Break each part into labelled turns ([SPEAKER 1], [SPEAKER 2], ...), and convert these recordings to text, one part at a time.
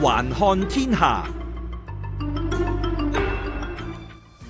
[SPEAKER 1] 環看天下，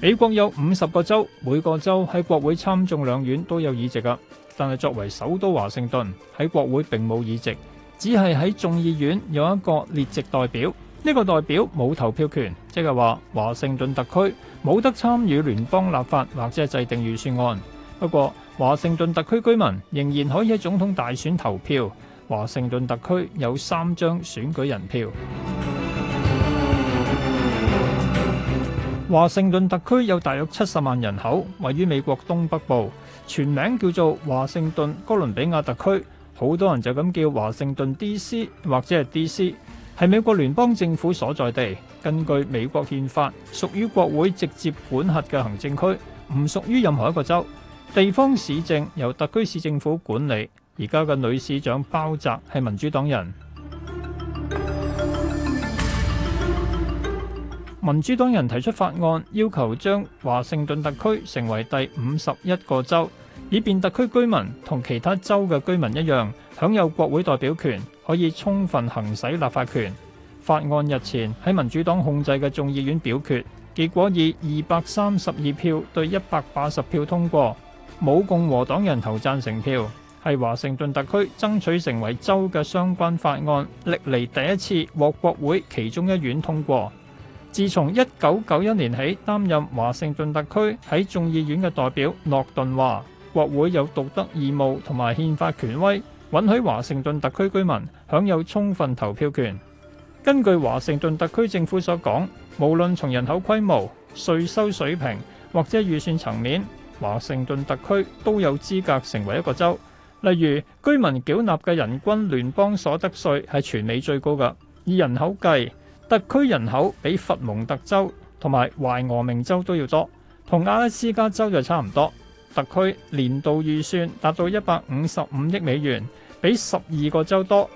[SPEAKER 1] 美國有五十個州，每個州喺國會參眾兩院都有議席噶。但係作為首都華盛頓喺國會並冇議席，只係喺眾議院有一個列席代表。呢個代表冇投票權，即係話華盛頓特區冇得參與聯邦立法或者制定預算案。不過。華盛頓特區居民仍然可以喺總統大選投票。華盛頓特區有三張選舉人票。華盛頓特區有大約七十萬人口，位於美國東北部，全名叫做華盛頓哥倫比亞特區。好多人就咁叫華盛頓 D.C. 或者係 D.C.，係美國聯邦政府所在地。根據美國憲法，屬於國會直接管轄嘅行政區，唔屬於任何一個州。地方市政由特區市政府管理。而家嘅女市長包澤係民主黨人。民主黨人提出法案，要求將華盛頓特區成為第五十一個州，以便特區居民同其他州嘅居民一樣享有國會代表權，可以充分行使立法權。法案日前喺民主黨控制嘅眾議院表決，結果以二百三十二票對一百八十票通過。冇共和黨人投贊成票，係華盛頓特區爭取成為州嘅相關法案歷嚟第一次獲國會其中一院通過。自從一九九一年起擔任華盛頓特區喺眾議院嘅代表，諾頓話：國會有獨特義務同埋憲法權威，允許華盛頓特區居民享有充分投票權。根據華盛頓特區政府所講，無論從人口規模、稅收水平或者預算層面，華盛頓特區都有資格成為一個州，例如居民繳納嘅人均聯邦所得稅係全美最高㗎。以人口計，特區人口比佛蒙特州同埋懷俄明州都要多，同阿拉斯加州就差唔多。特區年度預算達到一百五十五億美元，比十二個州多。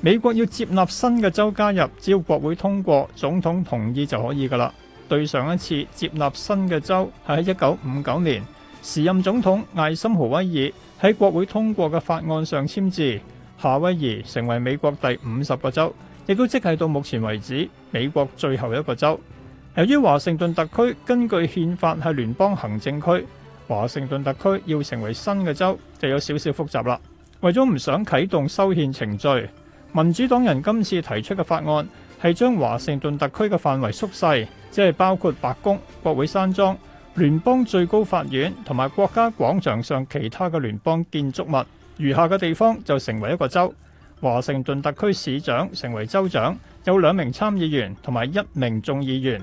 [SPEAKER 1] 美國要接納新嘅州加入，只要國會通過、總統同意就可以㗎喇。對上一次接納新嘅州係喺一九五九年，時任總統艾森豪威爾喺國會通過嘅法案上簽字，夏威夷成為美國第五十個州，亦都即係到目前為止美國最後一個州。由於華盛頓特區根據憲法係聯邦行政區，華盛頓特區要成為新嘅州就有少少複雜啦。為咗唔想啟動修憲程序，民主黨人今次提出嘅法案係將華盛頓特區嘅範圍縮細。即係包括白宮、國會山莊、聯邦最高法院同埋國家廣場上其他嘅聯邦建築物。餘下嘅地方就成為一個州。華盛頓特區市長成為州長，有兩名參議員同埋一名眾議員。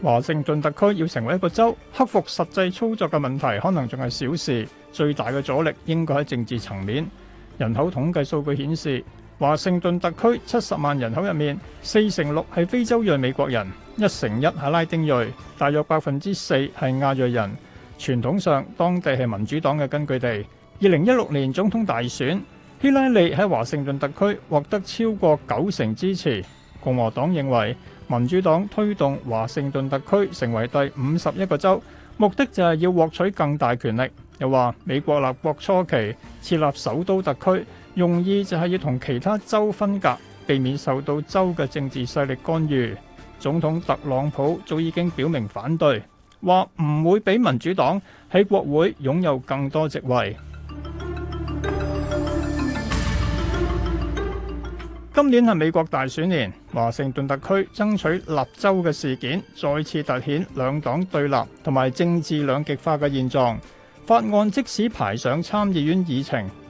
[SPEAKER 1] 華盛頓特區要成為一個州，克服實際操作嘅問題可能仲係小事，最大嘅阻力應該喺政治層面。人口統計數據顯示。華盛頓特區，七十萬人口入面，四成六係非洲裔美國人，一成一係拉丁裔，大約百分之四係亞裔人。傳統上，當地係民主黨嘅根據地。二零一六年總統大選，希拉里喺華盛頓特區獲得超過九成支持。共和黨認為，民主黨推動華盛頓特區成為第五十一個州，目的就係要獲取更大權力。又話美國立國初期設立首都特區。用意就係要同其他州分隔，避免受到州嘅政治勢力干預。總統特朗普早已經表明反對，話唔會俾民主黨喺國會擁有更多席位。 今年係美國大選年，華盛頓特區爭取立州嘅事件再次凸顯兩黨對立同埋政治兩極化嘅現狀。法案即使排上參議院議程，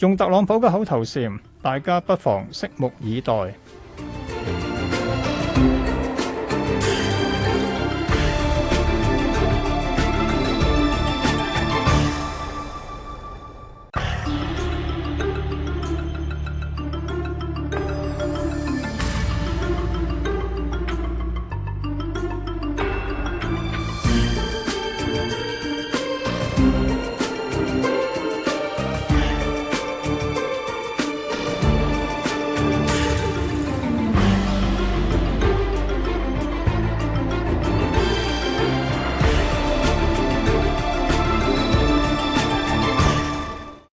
[SPEAKER 1] 用特朗普嘅口頭禪，大家不妨拭目以待。